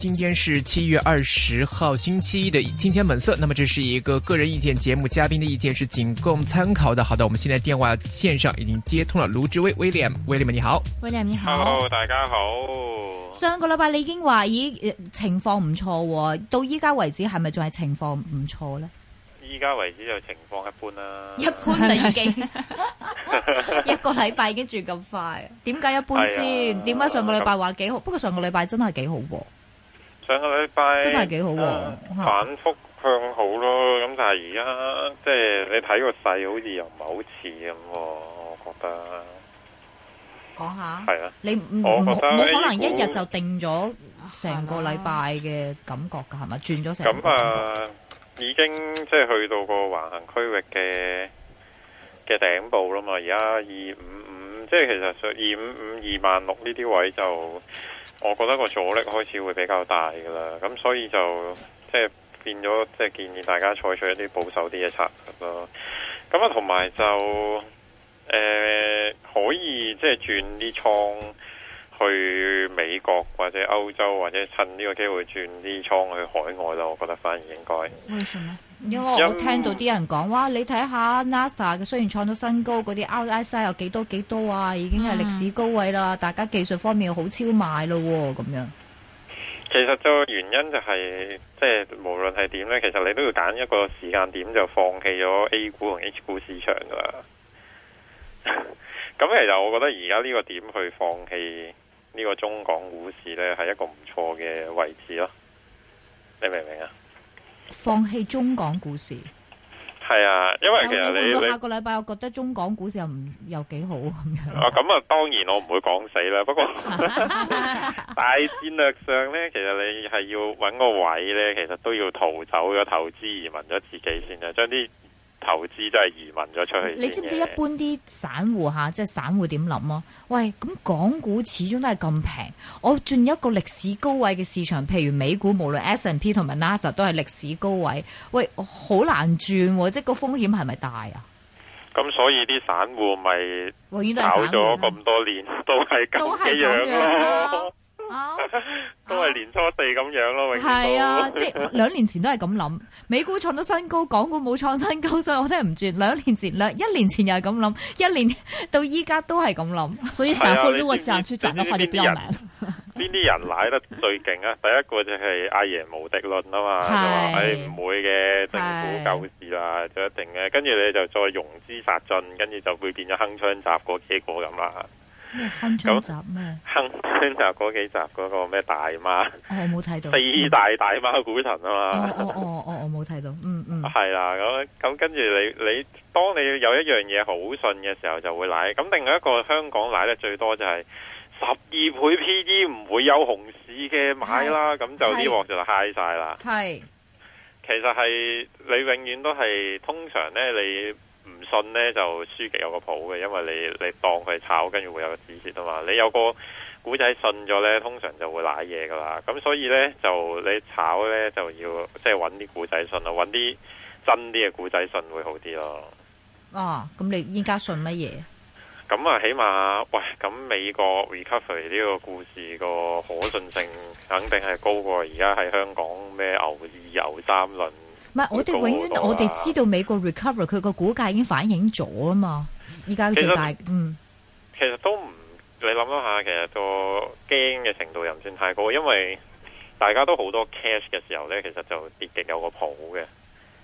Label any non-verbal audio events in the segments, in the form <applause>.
今天是七月二十號星期一的《金錢本色》，那麼這是一個個人意見節目，嘉賓的意見是僅供參考的。好的，我們現在電話線上已經接通了盧志威 William，William 你好，William 你好, William, 你好 hello, hello, 大家好。上個禮拜你已經話咦，情況唔錯、哦，到依家為止係咪仲係情況唔錯呢？依家為止就情況一般啦、啊，一般就已經一個禮拜已經轉咁快，點解一般先？點解、哎、呀上個禮拜話幾好？不過上個禮拜真係幾好喎。上個禮拜，真係幾好、啊嗯、反覆向好咯，咁、嗯、但係而家即係你睇個勢，好似又唔係好似咁，我覺得。講下。係啊。你唔不冇可能一日就定咗成個禮拜嘅感覺㗎，係咪？轉咗成。咁啊，已經即係、就是、去到個橫行區域嘅嘅頂部啦嘛！而家二五五，即係其實就二五五二萬六呢啲位就。我覺得個阻力開始會比較大嘅啦，咁所以就即係變咗，即係建議大家採取一啲保守啲嘅策略咯。咁啊，同埋就誒可以即係轉啲倉。去美國或者歐洲或者趁呢個機會轉啲倉去海外啦，我覺得反而應該。為什麼？因為我聽到啲人講，嗯、哇！你睇下 Nasdaq 雖然創咗新高，嗰啲 o u t s i e 有幾多幾多啊，已經係歷史高位啦。嗯、大家技術方面又好超賣咯，咁樣。其實就原因就係、是，即係無論係點呢，其實你都要揀一個時間點就放棄咗 A 股同 H 股市場噶啦。咁 <laughs> 其實我覺得而家呢個點去放棄？呢個中港股市呢，係一個唔錯嘅位置咯，你明唔明啊？放棄中港股市係啊，因為其實你，你會唔會下個禮拜我覺得中港股市又唔又幾好咁樣。啊，咁啊，當然我唔會講死啦。 <laughs> 不過 <laughs> <laughs> 大戰略上呢，其實你係要揾個位呢，其實都要逃走咗投資移民咗自己先啦，將啲。投資都係移民咗出去。你知唔知一般啲散戶吓，即係散戶點諗咯？喂，咁港股始終都係咁平，我轉一個歷史高位嘅市場，譬如美股，無論 S&P 同埋 Nasdaq 都係歷史高位。喂，好難轉，啊，即係個風險係咪大啊？咁所以啲散戶咪永遠都炒咗咁多年，哦、多年都係 <laughs> 都係咁樣咯、啊。Oh, oh. 都係年初四咁樣咯，永遠係啊，即係兩年前都係咁諗，美股創到新高，港股冇創新高，所以我真係唔轉。兩年前咧，一年前又係咁諗，一年到依家都係咁諗，所以成日開咗個賬戶賺得快啲人，邊啲人賴得最勁啊？第一個就係阿爺無敵論啊嘛，是就話誒唔會嘅，政府救市啦，就一定嘅。跟住你就再融資殺進，跟住就會變咗鏗鏘砸過幾個咁啦。咁集咩？坑村嗰幾集嗰個咩大媽、哦？我冇睇到四大大媽股神啊嘛、嗯哦！我、哦、我我冇睇到，嗯嗯、 <laughs> 啊。係啦，咁咁跟住你你，當你有一樣嘢好信嘅時候，就會買。咁另外一個香港買得最多就係十二倍 P E 唔會有熊市嘅買啦，咁的就啲鑊就嗨晒啦。係，其實係你永遠都係通常咧，你。唔信呢就輸極有個譜嘅，因為你你當佢炒，跟住會有個止蝕啊嘛。你有個故仔信咗呢，通常就會瀨嘢噶啦。咁所以呢，就你炒呢，就要即係揾啲故仔信啊，揾啲真啲嘅故仔信會好啲咯。啊，咁你依家信乜嘢？咁啊、嗯，起碼喂，咁美國 recovery 呢個故事個可信性肯定係高過而家喺香港咩牛二、牛三輪。唔係，我哋永遠、啊、我哋知道美國 recover，佢個股價已經反映咗啊嘛！依家最大，其實嗯，其實，其實都唔你諗一下，其實個驚嘅程度又唔算太高，因為大家都好多 cash 嘅時候咧，其實就跌極有個譜嘅，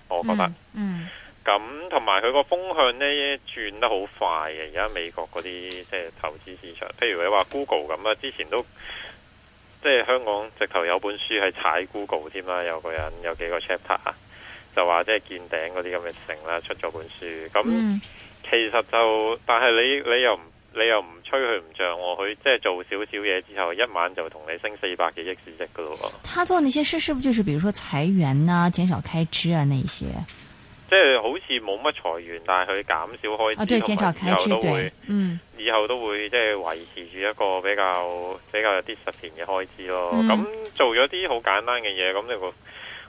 我覺得嗯。咁同埋佢個風向咧轉得好快嘅，而家美國嗰啲即係投資市場，譬如你話 Google 咁啊，之前都即係香港直頭有本書係踩 Google 添啦，有個人有幾個 chapter 啊。就話即係見頂嗰啲咁嘅成啦，出咗本書咁，嗯、其實就但係你你又你又唔吹佢唔漲，我佢即係做少少嘢之後，一晚就同你升四百幾億市值噶咯。他做那些事，是不是就是比如說裁員啊、減少開支啊那些？即係好似冇乜裁員，但係佢減少開支，哦、啊、對，減少開支，對，嗯，以後都會即係維持住一個比較比較有啲實現嘅開支咯。咁、嗯、做咗啲好簡單嘅嘢，咁呢個。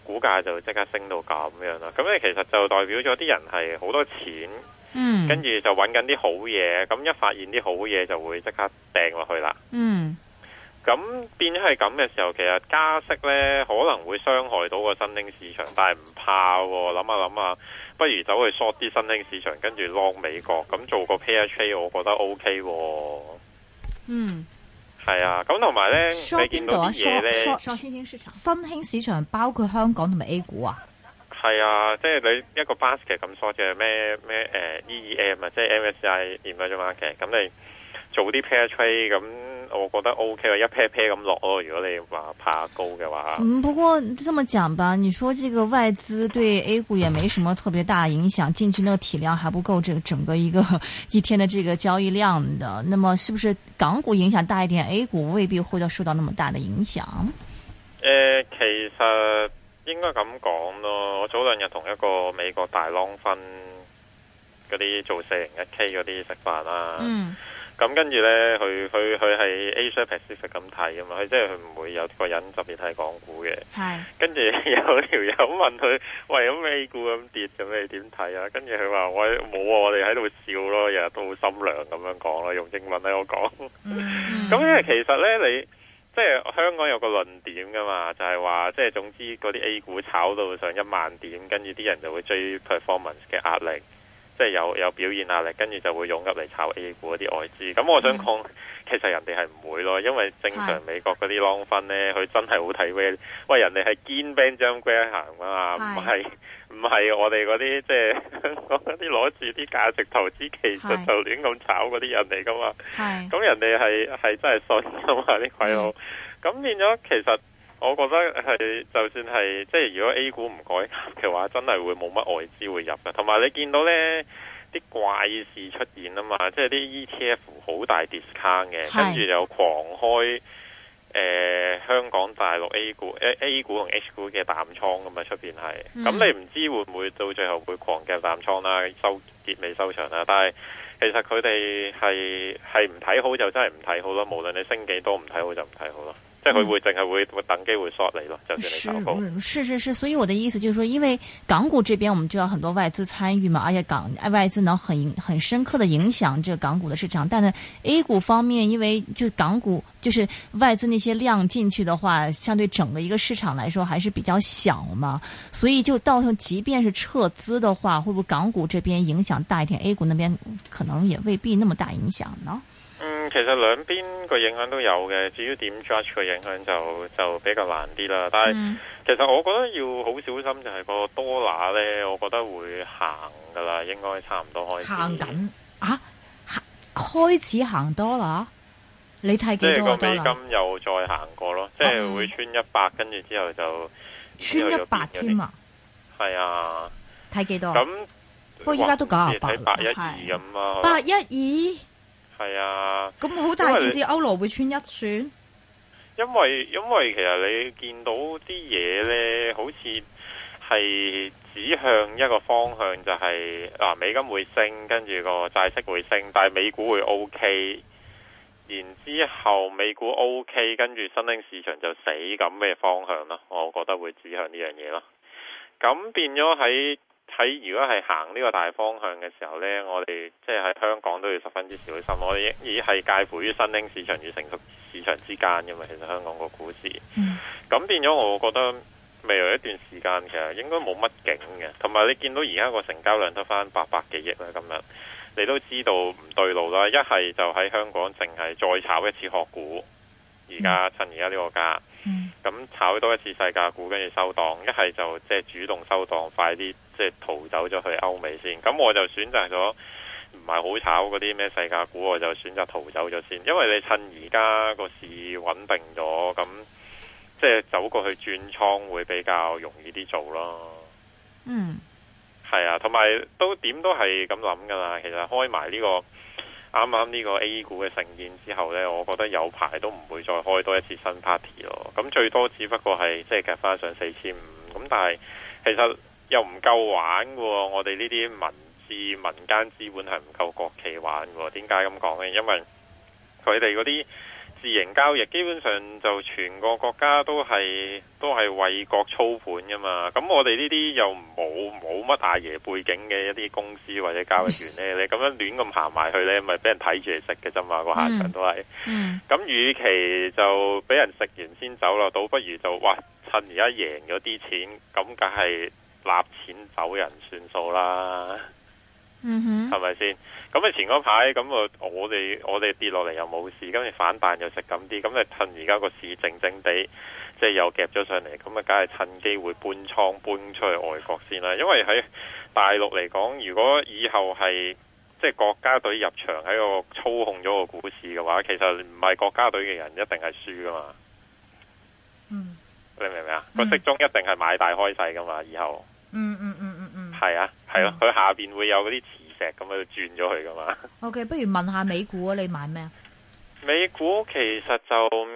股價就即刻升到咁樣啦，咁你其實就代表咗啲人係好多錢，跟住、嗯、就搵緊啲好嘢，咁一發現啲好嘢就會即刻掟落去啦。嗯，咁變咗係咁嘅時候，其實加息呢可能會傷害到個新興市場，但係唔怕，諗下諗下，不如走去 short 啲新興市場，跟住 long 美國，咁做個 pair trade，我覺得 OK。嗯。係啊，咁同埋咧， <music> 你見到新興市場， <music> 新興市場包括香港同埋 A 股啊。係啊，即係你一個 basket 咁 short 嘅咩咩誒 EEM 啊，即係 MSI 入咗啫嘛，嘅，k 咁你做啲 pair trade 咁。我覺得 O K 咯，一撇撇咁落咯。如果你話怕高嘅話，嗯，不過這麼講吧，你說這個外資對 A 股也沒什麼特別大影響，進 <laughs> 去那個體量還不夠，這個整個一個一天的這個交易量的，那麼是不是港股影響大一點，A 股未必會要受到那麼大的影響？誒，其實應該咁講咯，我早兩日同一個美國大狼分嗰啲做四零一 K 嗰啲食飯啦。嗯。咁跟住呢，佢佢佢係 Asia Pacific 咁睇㗎嘛，佢即係佢唔會有個人特別睇港股嘅。係 Yes.。跟住有條友問佢：喂，咁 A 股咁跌，咁你點睇啊？跟住佢話：喂，冇啊，我哋喺度笑咯，日日都好心涼咁樣講咯，用英文喺度講。咁因為其實呢，你即係香港有個論點㗎嘛，就係、是、話，即係總之嗰啲 A 股炒到上一萬點，跟住啲人就會追 performance 嘅壓力。即係有有表現壓力，跟住就會湧入嚟炒 A 股啲外資。咁我想講，嗯、其實人哋係唔會咯，因為正常美國嗰啲 long fund 咧，佢的真係好睇威。喂，人哋係堅 Benjamin Graham 行啊嘛，唔係唔係我哋嗰啲即係嗰啲攞住啲價值投資，其實就亂咁炒嗰啲人嚟噶嘛。咁人哋係係真係信啊嘛啲鬼佬。咁變咗其實。我覺得係就算係即係如果 A 股唔改革嘅話，真係會冇乜外資會入嘅。同埋你見到呢啲怪事出現啊嘛，即係啲 ETF 好大 discount 嘅，跟住是又狂開誒、呃、香港、大陸 A 股、A 股同 H 股嘅淡倉咁啊出邊係。咁、嗯、你唔知會唔會到最後會狂夾淡倉啦、收結尾收場啦。但係其實佢哋係係唔睇好就真係唔睇好咯，無論你升幾多唔睇好就唔睇好咯。嗯、即係佢會淨係會，會等機會索你咯，就算你走好。是是是，所以我的意思就是說，因為港股這邊我們就要很多外資參與嘛，而且港外資能很很深刻地影響這個港股的市場。但係 A 股方面，因為就港股就是外資那些量進去的話，相對整個一個市場來說還是比較小嘛，所以就到時候，即便是撤資的話，會不會港股這邊影響大一點？A 股那邊可能也未必那麼大影響呢？嗯，其實兩邊個影響都有嘅，至於點 judge 個影響就就比較難啲啦。但係、嗯、其實我覺得要好小心，就係個 Dollar 咧，我覺得會行噶啦，應該差唔多開始行緊吓，開始行多拿，你睇幾多個 Dollar？即係個美金又再行過咯，哦、即係會穿一百，跟住之後就穿一百添啊。係啊，睇幾多？咁不過依家都九廿八八一二咁啊，八一二。係啊，咁好大件事，歐羅會穿一算。因為因為，因為其實你見到啲嘢呢，好似係指向一個方向，就係、是、嗱、啊，美金會升，跟住個債息會升，但係美股會 O K。然之後美股 O K，跟住新興市場就死咁嘅方向啦。我覺得會指向呢樣嘢咯。咁變咗喺。喺如果係行呢個大方向嘅時候咧，我哋即係喺香港都要十分之小心。我哋已經係介乎於新興市場與成熟市場之間嘅嘛，其實香港個股市。咁變咗，我覺得未來一段時間其實應該冇乜景嘅。同埋你見到而家個成交量得翻八百幾億啦，今日你都知道唔對路啦。一係就喺香港淨係再炒一次殼股，而家趁而家呢個價。咁炒多一次世界股，跟住收檔，一係就即係主動收檔，快啲即係逃走咗去歐美先。咁我就選擇咗唔係好炒嗰啲咩世界股，我就選擇逃走咗先。因為你趁而家個市穩定咗，咁即係走過去轉倉會比較容易啲做咯。嗯，係啊，同埋都點都係咁諗噶啦。其實開埋呢個。啱啱呢個 A 股嘅盛宴之後呢，我覺得有排都唔會再開多一次新 party 咯。咁最多只不過係即係夾翻上四千五，咁但係其實又唔夠玩嘅。我哋呢啲民資民間資本係唔夠國企玩嘅。點解咁講呢？因為佢哋嗰啲。自營交易基本上就全個國家都係都係為國操盤噶嘛，咁我哋呢啲又冇冇乜阿爺背景嘅一啲公司或者交易員呢，你咁樣亂咁行埋去呢，咪俾人睇住嚟食嘅啫嘛，個下場都係。嗯。嗯，咁與其就俾人食完先走咯，倒不如就哇趁而家贏咗啲錢，咁梗係立錢走人算數啦。嗯哼，係咪先？是咁你前嗰排咁啊，我哋我哋跌落嚟又冇事，跟住反彈又食咁啲，咁你趁而家個市靜靜地，即係又夾咗上嚟，咁啊，梗係趁機會搬倉搬出去外國先啦。因為喺大陸嚟講，如果以後係即係國家隊入場喺個操控咗個股市嘅話，其實唔係國家隊嘅人一定係輸㗎嘛。嗯，你明唔明啊？個色、嗯、盅一定係買大開細㗎嘛，以後。嗯嗯嗯嗯嗯。係、嗯嗯嗯嗯嗯、啊，係咯、啊，佢、嗯、下邊會有嗰啲。石咁啊，轉咗去噶嘛？O、okay, K，不如問，問下美股啊，你買咩啊？美股其實就誒、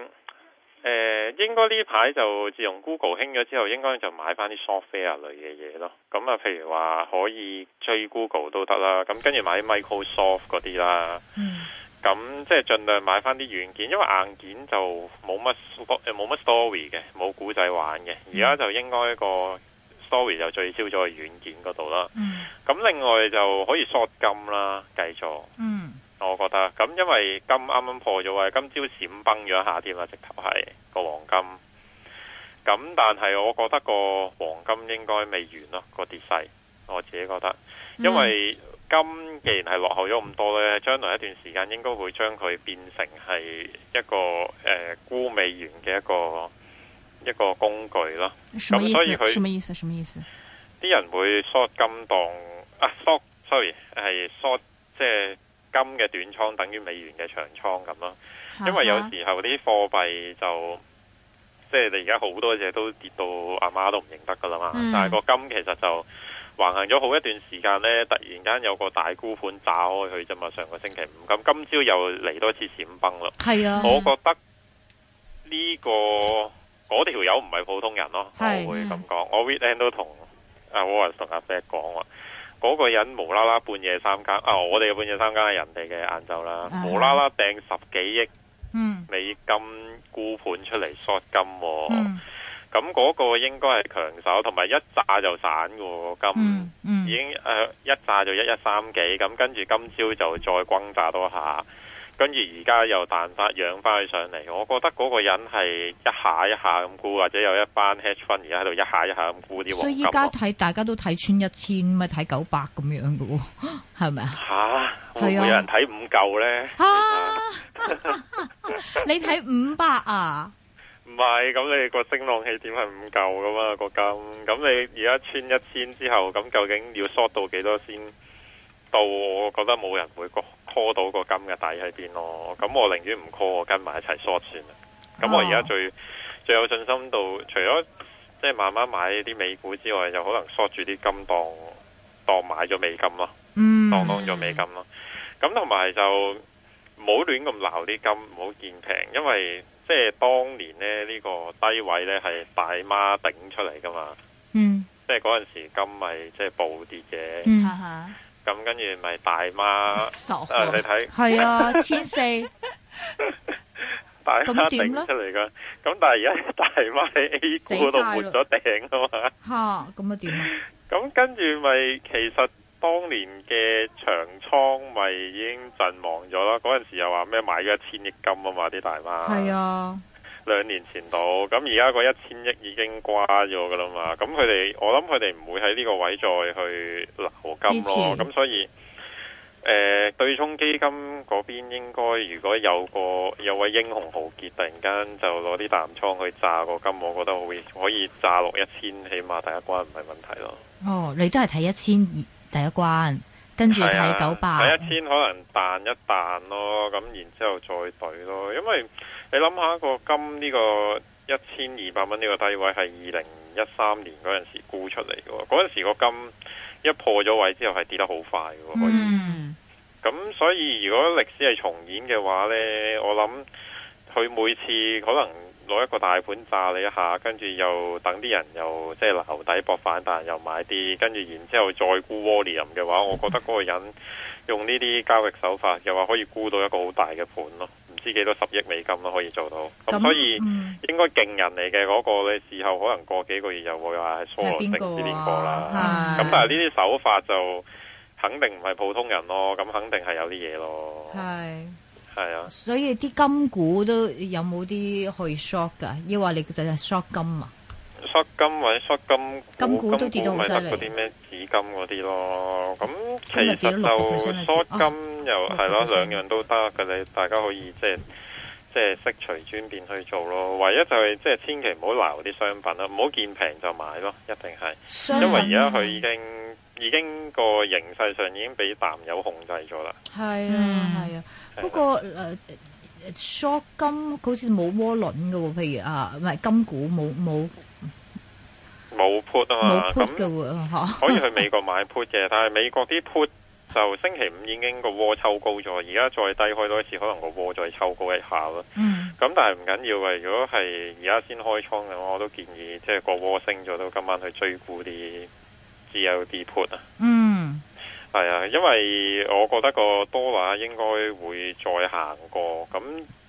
呃，應該呢排就自從 Google 興咗之後，應該就買翻啲 software 類嘅嘢咯。咁、嗯、啊，譬如話可以追 Google 都得啦，咁跟住買 Microsoft 嗰啲啦。嗯。咁即係盡量買翻啲軟件，因為硬件就冇乜冇乜 story 嘅，冇古仔玩嘅。而家、嗯、就應該個。sorry 就聚焦咗喺軟件嗰度啦。咁、嗯、另外就可以縮金啦，繼續。嗯，我覺得咁，因為金啱啱破咗，誒，今朝閃崩咗一下添啦，直頭係個黃金。咁但係我覺得個黃金應該未完咯，個跌勢，我自己覺得，嗯、因為金既然係落後咗咁多呢，將來一段時間應該會將佢變成係一個誒沽美元嘅一個。呃一個工具咯，咁所以佢，什麼意思？什麼意思？啲人會 short 金當啊 short，sorry 係 short，即係、就是、金嘅短倉等於美元嘅長倉咁咯。哈哈因為有時候啲貨幣就，即係你而家好多嘢都跌到阿媽,媽都唔認得噶啦嘛。嗯、但係個金其實就橫行咗好一段時間呢，突然間有個大沽盤炸開佢啫嘛。上個星期五咁，今朝又嚟多次閃崩咯。係啊，我覺得呢、這個。我條友唔係普通人咯，是我會咁講、嗯啊。我 w e a d end 都同阿 Walsh 同阿 b e t 講喎，嗰、那個人無啦啦半夜三更啊，我哋嘅半夜三更係人哋嘅晏晝啦，嗯、無啦啦掟十幾億美金沽盤出嚟甩金、哦，咁嗰、嗯、個應該係強手，同埋一炸就散嘅、那個、金，嗯嗯、已經誒、呃、一炸就一一三幾，咁、嗯、跟住今朝就再轟炸多下。跟住而家又彈翻養翻佢上嚟，我覺得嗰個人係一下一下咁沽，或者有一班 hedge fund 而家喺度一下一下咁沽啲黃金。所以而家睇大家都睇穿一千，咪睇九百咁樣嘅喎，係咪啊？吓、啊，會唔會有人睇五嚿咧？你睇五百啊？唔係、 <laughs> <laughs> <laughs> 啊，咁你那個升浪起點係五嚿噶嘛？個、那個、金，咁你而家穿一千之後，咁究竟要縮到幾多先到？我覺得冇人會過。call 到個金嘅底喺邊咯，咁我寧願唔 call 我跟埋一齊 short 算啦。咁我而家最、oh. 最有信心到，除咗即係慢慢買啲美股之外，就可能 short 住啲金當當買咗美金咯，mm. 當當咗美金咯。咁同埋就唔好亂咁鬧啲金，唔好見平，因為即係、就是、當年咧呢、呢個低位呢係大媽頂出嚟噶嘛，即係嗰陣時金咪即係暴跌嘅。Mm. 嗯 <laughs> 咁跟住咪大媽瓜、啊，你睇係啊，千四， <laughs> 大媽頂出嚟噶，咁 <laughs> 但係而家大媽喺 A 股度換咗頂啊嘛，吓咁啊點？咁跟住咪，其實當年嘅長倉咪已經陣亡咗啦。嗰陣時又話咩買咗一千億金啊嘛，啲大媽係啊。兩年前度，咁而家個一千億已經瓜咗噶啦嘛。咁佢哋，我諗佢哋唔會喺呢個位再去留金咯。咁持所以，誒、呃、對沖基金嗰邊應該如果有個有位英雄豪傑，突然間就攞啲淡倉去炸個金，我覺得可以可以炸落一千，起碼第一關唔係問題咯。哦，你都係睇一千二第一關，跟住睇九百，睇、啊、一千可能彈一彈咯。咁然之後再對咯，因為。你諗下個金呢個一千二百蚊呢個低位係二零一三年嗰陣時沽出嚟嘅，嗰陣時個金一破咗位之後係跌得好快嘅。嗯，咁所以如果歷史係重演嘅話呢，我諗佢每次可能攞一個大盤炸你一下，跟住又等啲人又即係留底搏反彈，又買啲，跟住然之後再沽窩輪嘅話，我覺得嗰個人用呢啲交易手法又話可以沽到一個好大嘅盤咯。知幾多十億美金咯，可以做到咁，那所以、嗯、應該勁人嚟嘅嗰個你事後，可能過幾個月又會話係縮落啲邊個啦。咁但係呢啲手法就肯定唔係普通人咯，咁肯定係有啲嘢咯。係係是啊，所以啲金股都有冇啲可以 short 噶要話你就係 short 金啊？縮金或者縮金，金股都跌到咪得嗰啲咩紙金嗰啲咯？咁其實就縮金又係咯，兩、啊嗯、樣都得。佢你大家可以即係即係悉隨尊便去做咯。唯一就係、是、即係千祈唔好撈啲商品啦，唔好見平就買咯，一定係。啊、因為而家佢已經已經個形勢上已經俾淡友控制咗啦。係啊係啊，不過誒。那個呃 short 金好似冇渦輪嘅，譬如啊，唔係金股冇冇冇 put 啊嘛，咁嘅喎，樣可以去美國買 put 嘅， <laughs> 但係美國啲 put 就星期五已經個窩抽高咗，而家再低開多一次，可能個窩再抽高一下咯。咁、嗯、但係唔緊要嘅，如果係而家先開倉嘅話，我都建議即係個窩升咗，都今晚去追沽啲 GLD put 啊。嗯係啊，因為我覺得個多話應該會再行過。咁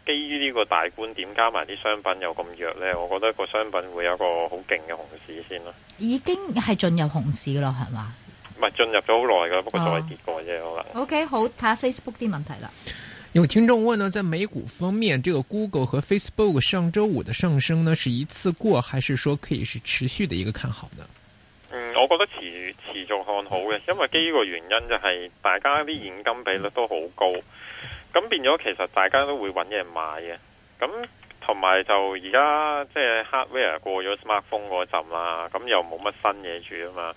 基於呢個大觀點，加埋啲商品又咁弱咧，我覺得個商品會有一個好勁嘅熊市先啦。已經係進入熊市咯，係嘛？唔係進入咗好耐噶，不過再跌過啫。哦、okay, 好啦。O K，好睇下 Facebook 啲問題啦。有聽眾問呢，在美股方面，這個 Google 和 Facebook 上周五的上升呢，是一次過，還是說可以是持續的一個看好呢？嗯，我覺得持。持續看好嘅，因為基於個原因就係大家啲現金比率都好高，咁變咗其實大家都會揾嘢買嘅。咁同埋就而家即係、就是、hardware 過咗 smartphone 嗰陣啦，咁又冇乜新嘢住啊嘛。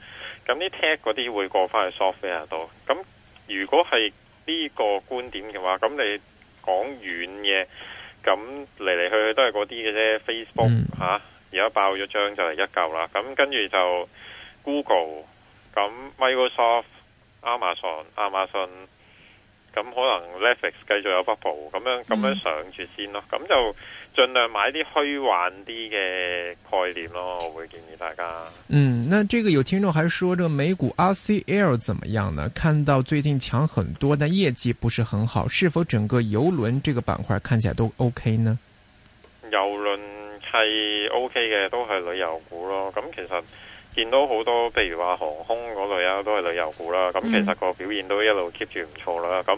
咁啲 tech 嗰啲會過返去 software 度。咁如果係呢個觀點嘅話，咁你講遠嘅咁嚟嚟去去都係嗰啲嘅啫。Facebook 吓、嗯，而家、啊、爆咗張就係、是、一嚿啦，咁跟住就 Google。咁 Microsoft、Amazon、Amazon，咁可能 Netflix 繼續有 bubble，咁樣咁樣上住先咯。咁、嗯、就盡量買啲虛幻啲嘅概念咯，我會建議大家。嗯，那這個有聽眾還說，這個美股 RCL 怎麼樣呢？看到最近強很多，但業績不是很好，是否整個郵輪這個板塊看起來都 OK 呢？郵輪係 OK 嘅，都係旅遊股咯。咁其實。見到好多，譬如話航空嗰類啊，都係旅遊股啦。咁、嗯、其實個表現都一路 keep 住唔錯啦。咁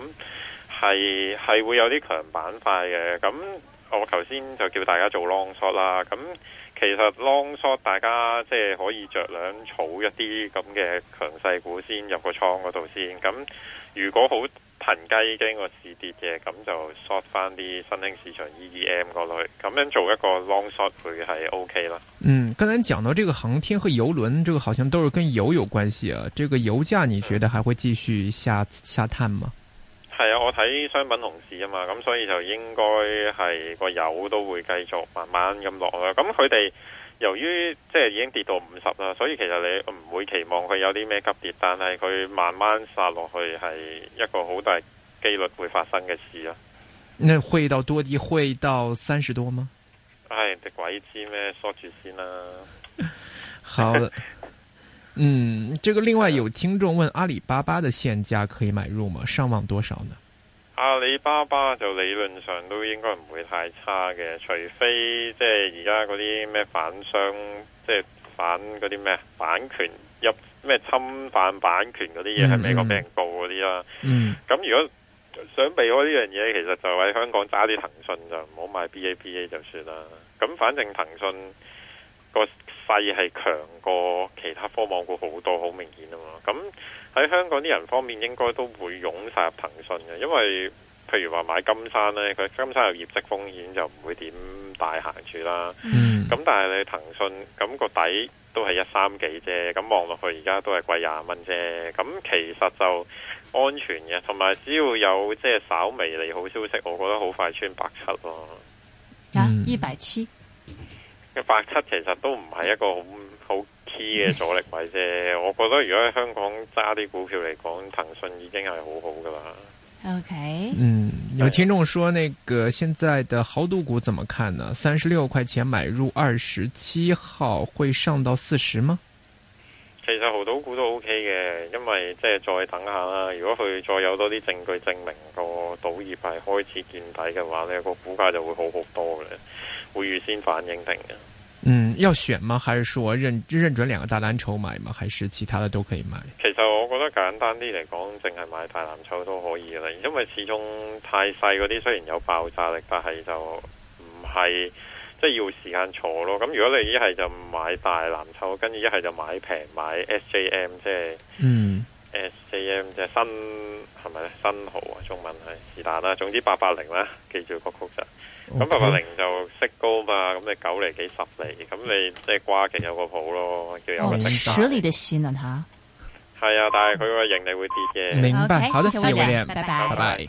係係會有啲強板塊嘅。咁我頭先就叫大家做 long short 啦。咁其實 long short 大家即係可以着兩儲一啲咁嘅強勢股先入個倉嗰度先。咁如果好。平街經過市跌嘅，咁就 short 翻啲新興市場 EEM 過嚟，咁樣做一個 long short 佢係 OK 啦。嗯，剛才講到這個航天和油輪，這個好像都是跟油有關係啊。這個油價你覺得還會繼續下下探嗎？係啊，我睇商品熊市啊嘛，咁所以就應該係個油都會繼續慢慢咁落啦。咁佢哋。由於即係已經跌到五十啦，所以其實你唔會期望佢有啲咩急跌，但係佢慢慢殺落去係一個好大幾率會發生嘅事啊！你會到多啲，會到三十多嗎？唉、哎，啲鬼知咩，縮住先啦、啊。 <laughs> 好，嗯，這個另外有聽眾問：阿里巴巴的現價可以買入嗎？上望多少呢？阿里巴巴就理論上都應該唔會太差嘅，除非即係而家嗰啲咩反商，即、就、係、是、反嗰啲咩版權入咩侵犯版權嗰啲嘢喺美國俾人告嗰啲啦。咁、嗯、如果想避開呢樣嘢，其實就喺香港揸啲騰訊就唔好買 BABA 就算啦。咁反正騰訊個勢係強過其他科網股好多，好明顯啊嘛。咁喺香港啲人方面，應該都會湧晒入騰訊嘅，因為譬如話買金山呢，佢金山有業績風險，就唔會點大行住啦。咁、嗯、但係你騰訊咁、咁個底都係一三幾啫，咁望落去而家都係貴廿蚊啫。咁其實就安全嘅，同埋只要有即係稍微利好消息，我覺得好快穿百七咯。一百七，一百、嗯、七其實都唔係一個好。啲嘅阻力位啫， <music> 我覺得如果喺香港揸啲股票嚟講，騰訊已經係好好噶啦。OK，嗯，有聽眾說，那個現在的豪賭股怎麼看呢？三十六塊錢買入，二十七號會上到四十嗎 <music> ？其實豪賭股都 OK 嘅，因為即係再等下啦。如果佢再有多啲證據證明個賭業係開始見底嘅話呢、呢個股價就會好好多嘅，會預先反應定嘅。要選嗎？還是說認認準兩個大藍籌買嗎？還是其他的都可以買？其實我覺得簡單啲嚟講，淨係買大藍籌都可以啦，因為始終太細嗰啲雖然有爆炸力，但係就唔係即係要時間坐咯。咁如果你一係就唔買大藍籌，跟住一係就買平買 SJM 即係嗯 SJM 即係新係咪咧新豪啊？中文係是但啦，總之八八零啦，記住個估值。咁八八零就息高嘛，咁你九厘幾十厘，咁你即係瓜期有個譜咯，叫有個訂單。哦，十厘啊，吓！係啊，但係佢個盈利會跌嘅。明白，okay，好，再見，拜拜，拜拜。